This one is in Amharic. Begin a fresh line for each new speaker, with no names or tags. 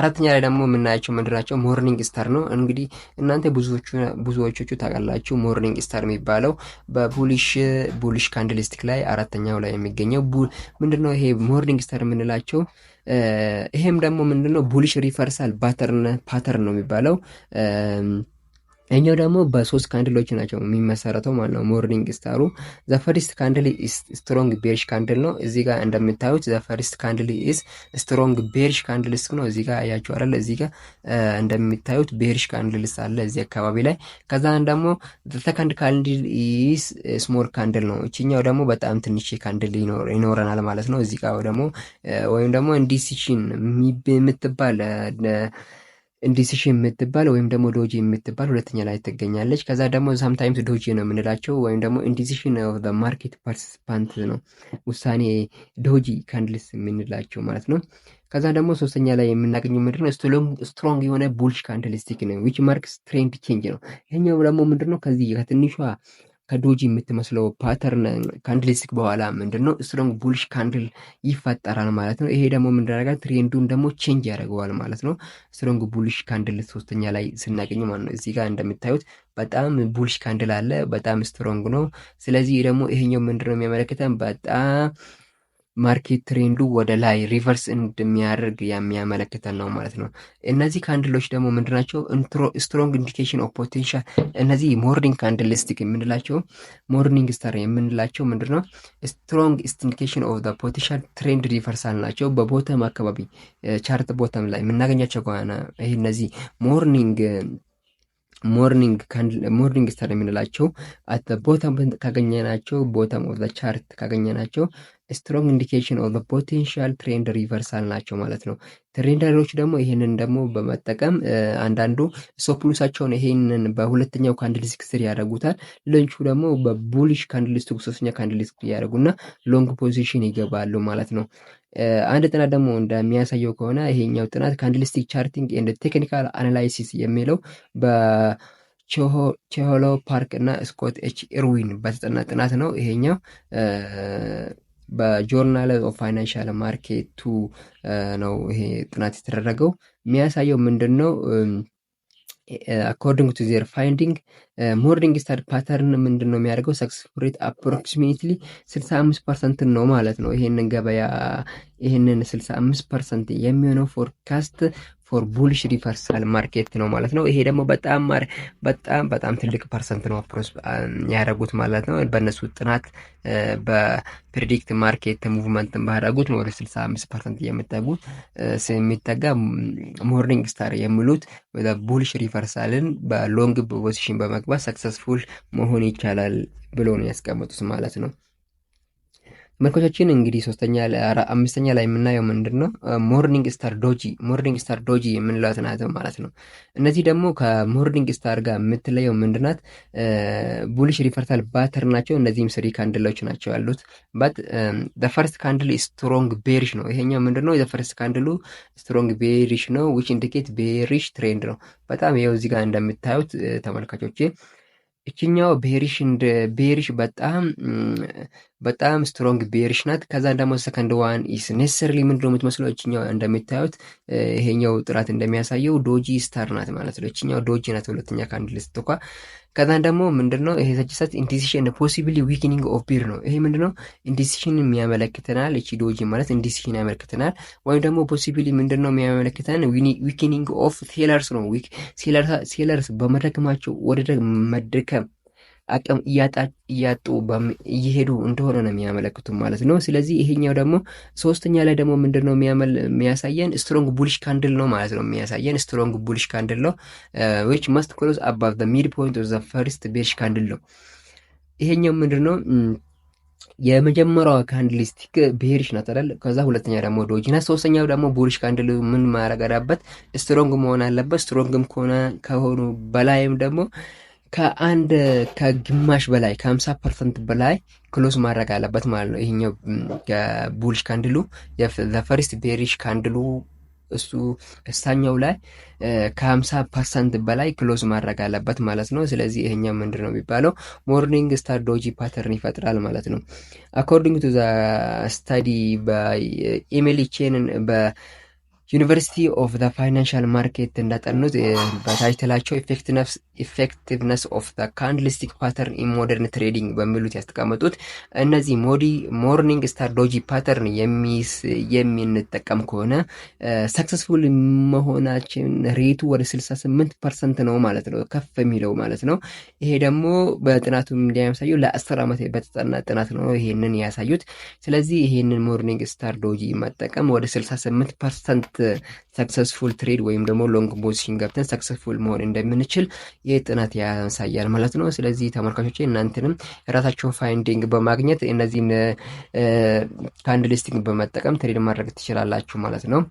አራተኛ ላይ ደግሞ የምናያቸው ምንድናቸው? ሞርኒንግ ስታር ነው። እንግዲህ እናንተ ብዙዎቹ ታውቃላችሁ። ሞርኒንግ ስታር የሚባለው በቡሊሽ ቡሊሽ ካንድልስቲክ ላይ አራተኛው ላይ የሚገኘው ምንድነው ይሄ ሞርኒንግ ስታር የምንላቸው ይሄም ደግሞ ምንድነው ቡሊሽ ሪቨርሳል ፓተርን ነው የሚባለው እኛው ደግሞ በሶስት ካንድሎች ናቸው የሚመሰረተው ማለት ነው። ሞርኒንግ ስታሩ ዘፈሪስት ካንድል ስትሮንግ ቤርሽ ካንድል ነው። እዚ ጋር እንደምታዩት ዘፈሪስት ካንድል ኢዝ ስትሮንግ ቤርሽ ካንድልስ ነው። እዚህ ጋር አያችሁ አይደል? እዚህ ጋር እንደምታዩት ቤርሽ ካንድልስ አለ እዚ አካባቢ ላይ። ከዛን ደግሞ ዘተከንድ ካንድል ኢዝ ስሞል ካንድል ነው። እችኛው ደግሞ በጣም ትንሽ ካንድል ይኖረናል ማለት ነው። እዚ ጋር ደግሞ ወይም ደግሞ እንዲሲሽን የምትባል ዲሲሽ የምትባል ወይም ደግሞ ዶጂ የምትባል ሁለተኛ ላይ ትገኛለች። ከዛ ደግሞ ሳምታይምስ ዶጂ ነው የምንላቸው ወይም ደግሞ ኢንዲሲሽን ኦፍ ማርኬት ፓርቲስፓንት ነው ውሳኔ ዶጂ ካንድልስ የምንላቸው ማለት ነው። ከዛ ደግሞ ሶስተኛ ላይ የምናገኘው ምንድን ስትሮንግ የሆነ ቡልሽ ካንድልስቲክ ነው ዊች ማርክስ ትሬንድ ቼንጅ ነው። ይህኛው ደግሞ ምንድነው ከዚህ ከትንሿ ከዶጂ የምትመስለው ፓተርን ካንድልስቲክ በኋላ ምንድን ነው ስትሮንግ ቡልሽ ካንድል ይፈጠራል ማለት ነው። ይሄ ደግሞ ምንደረጋል ትሬንዱን ደግሞ ቼንጅ ያደርገዋል ማለት ነው። ስትሮንግ ቡልሽ ካንድል ሶስተኛ ላይ ስናገኝ ማለት ነው። እዚህ ጋር እንደምታዩት በጣም ቡልሽ ካንድል አለ፣ በጣም ስትሮንግ ነው። ስለዚህ ደግሞ ይሄኛው ምንድነው የሚያመለክተን በጣም ማርኬት ትሬንዱ ወደ ላይ ሪቨርስ እንደሚያደርግ የሚያመለክተን ነው ማለት ነው። እነዚህ ካንድሎች ደግሞ ምንድናቸው? ስትሮንግ ኢንዲኬሽን ኦፍ ፖቴንሻል። እነዚህ ሞርኒንግ ካንድልስቲክ የምንላቸው ሞርኒንግ ስታር የምንላቸው ምንድን ነው? ስትሮንግ ኢንዲኬሽን ኦፍ ፖቴንሻል ትሬንድ ሪቨርሳል ናቸው። በቦተም አካባቢ ቻርት ቦተም ላይ የምናገኛቸው ከሆነ ይህ እነዚህ ሞርኒንግ ሞርኒንግ ስታር የምንላቸው ቦተም ካገኘናቸው ቦተም ኦፍ ቻርት ካገኘናቸው ስትሮንግ ኢንዲኬሽን ኦፍ ፖቴንሻል ትሬንድ ሪቨርሳል ናቸው ማለት ነው። ትሬንደሮች ደግሞ ይህንን ደግሞ በመጠቀም አንዳንዱ ስቶፕሎሳቸውን ይሄንን በሁለተኛው ካንድልስቲክ ስር ያደርጉታል። ሌሎቹ ደግሞ በቡሊሽ ካንድልስቲክ ሶስተኛ ካንድልስቲክ ያደርጉና ሎንግ ፖዚሽን ይገባሉ ማለት ነው። አንድ ጥናት ደግሞ እንደሚያሳየው ከሆነ ይሄኛው ጥናት ካንድልስቲክ ቻርቲንግ ኤንድ ቴክኒካል አናላይሲስ የሚለው በቼሆሎ ፓርክ እና ስኮት ኤች ኢርዊን በተጠና ጥናት ነው ይሄኛው በጆርናል ኦፍ ፋይናንሻል ማርኬቱ ነው ይሄ ጥናት የተደረገው። የሚያሳየው ምንድን ነው? አኮርዲንግ ቱ ዜር ፋይንዲንግ ሞርኒንግ ስታር ፓተርን ምንድን ነው የሚያደርገው ሰክሰስፉል ሬት አፕሮክሲሜትሊ ስልሳ አምስት ፐርሰንት ነው ማለት ነው። ይሄንን ገበያ ይሄንን 65 አምስት ፐርሰንት የሚሆነው ፎርካስት ፎር ቡልሽ ሪቨርሳል ማርኬት ነው ማለት ነው። ይሄ ደግሞ በጣም በጣም በጣም ትልቅ ፐርሰንት ነው አፕሮች ያደረጉት ማለት ነው። በእነሱ ጥናት በፕሪዲክት ማርኬት ሙቭመንትን ባደረጉት ወደ 65 ፐርሰንት የሚጠጉ የሚጠጋ ሞርኒንግ ስታር የሚሉት ቡልሽ ሪቨርሳልን በሎንግ ፖዚሽን በመግባት ሰክሰስፉል መሆን ይቻላል ብሎ ነው ያስቀመጡት ማለት ነው። መልኮቻችን እንግዲህ ሶስተኛ አምስተኛ ላይ የምናየው ምንድን ነው? ሞርኒንግ ስታር ዶጂ ሞርኒንግ ስታር ዶጂ የምንላት ናት ማለት ነው። እነዚህ ደግሞ ከሞርኒንግ ስታር ጋር የምትለየው ምንድናት? ቡሊሽ ሪፈርታል ባተር ናቸው። እነዚህም ስሪ ካንድሎች ናቸው ያሉት። ባት ፈርስት ካንድል ስትሮንግ ቤሪሽ ነው። ይሄኛው ምንድን ነው? ፈርስት ካንድሉ ስትሮንግ ቤሪሽ ነው። ዊች ኢንዲኬት ቤሪሽ ትሬንድ ነው። በጣም ይኸው እዚህ ጋር እንደምታዩት ተመልካቾቼ ይችኛው ቤሪሽ በጣም በጣም ስትሮንግ ቤሪሽ ናት። ከዛ ደግሞ ሰከንድ ዋን ኢስ ኔሰሰርሊ ምንድነው የምትመስለው? እችኛው እንደሚታዩት ይሄኛው ጥራት እንደሚያሳየው ዶጂ ስታር ናት ማለት ነው። እችኛው ዶጂ ናት ሁለተኛ ከአንድ ልስት ከዛን ደግሞ ምንድነው ይሄ ሰጅሰት ኢንዲሲሽን ፖሲብሊ ዊክኒንግ ኦፍ ቢር ነው። ይሄ ምንድነው ኢንዲሲሽን የሚያመለክተናል። እቺ ዶጂ ማለት ኢንዲሲሽን ያመለክተናል። ወይም ደግሞ ፖሲብሊ ምንድነው የሚያመለክተን ዊክኒንግ ኦፍ ሴለርስ ነው። ሴለርስ በመደከማቸው ወደ መድከም አቅም እያጡ እየሄዱ እንደሆነ ነው የሚያመለክቱ ማለት ነው። ስለዚህ ይሄኛው ደግሞ ሶስተኛ ላይ ደግሞ ምንድን ነው የሚያሳየን? ስትሮንግ ቡሊሽ ካንድል ነው ማለት ነው የሚያሳየን ስትሮንግ ቡሊሽ ካንድል ነው ዊች መስት ክሎዝ አባቭ ሚድ ፖይንት ኦፍ ዘ ፈርስት ቤርሽ ካንድል ነው። ይሄኛው ምንድን ነው የመጀመሪያዋ ካንድልስቲክ ብሄርሽ ናት አይደል? ከዛ ሁለተኛ ደግሞ ዶጅ ናት። ሶስተኛው ደግሞ ቡሪሽ ካንድል ምን ማድረግ አለበት? ስትሮንግ መሆን አለበት። ስትሮንግም ከሆነ ከሆኑ በላይም ደግሞ ከአንድ ከግማሽ በላይ ከ ከ50 ፐርሰንት በላይ ክሎዝ ማድረግ አለበት ማለት ነው። ይሄኛው ቡልሽ ካንድሉ ዘፈሪስት ቤሪሽ ካንድሉ እሱ እሳኛው ላይ ከ50 ፐርሰንት በላይ ክሎዝ ማድረግ አለበት ማለት ነው። ስለዚህ ይሄኛ ምንድን ነው የሚባለው ሞርኒንግ ስታር ዶጂ ፓተርን ይፈጥራል ማለት ነው። አኮርዲንግ ቱ ዘ ስታዲ በኢሜል ቼንን በ ዩኒቨርሲቲ ኦፍ ዘ ፋይናንሻል ማርኬት እንዳጠኑት eh, በታይትላቸው ኢፌክቲቭነስ ኦፍ ዘ ካንድልስቲክ ፓተርን ኢን ሞደርን ትሬዲንግ በሚሉት ያስቀመጡት እነዚህ ሞዲ ሞርኒንግ ስታር ዶጂ ፓተርን የሚንጠቀም ከሆነ ሰክሰስፉል eh, መሆናችን ሬቱ ወደ 68 ፐርሰንት ነው ማለት ነው፣ ከፍ የሚለው ማለት ነው። ይሄ ደግሞ በጥናቱ እንደሚያሳየው ለአስር ዓመት በተጠና ጥናት ነው ይሄንን ያሳዩት። ስለዚህ ይሄንን ሞርኒንግ ስታር ዶጂ መጠቀም ወደ 68 ፐርሰንት ሰክሰስፉል ትሬድ ወይም ደግሞ ሎንግ ፖዚሽን ገብተን ሰክሰስፉል መሆን እንደምንችል ይህ ጥናት ያሳያል ማለት ነው። ስለዚህ ተመልካቾች እናንተንም የራሳቸውን ፋይንዲንግ በማግኘት እነዚህን ሊስቲንግ eh, በመጠቀም ትሬድ ማድረግ ትችላላችሁ ማለት ነው።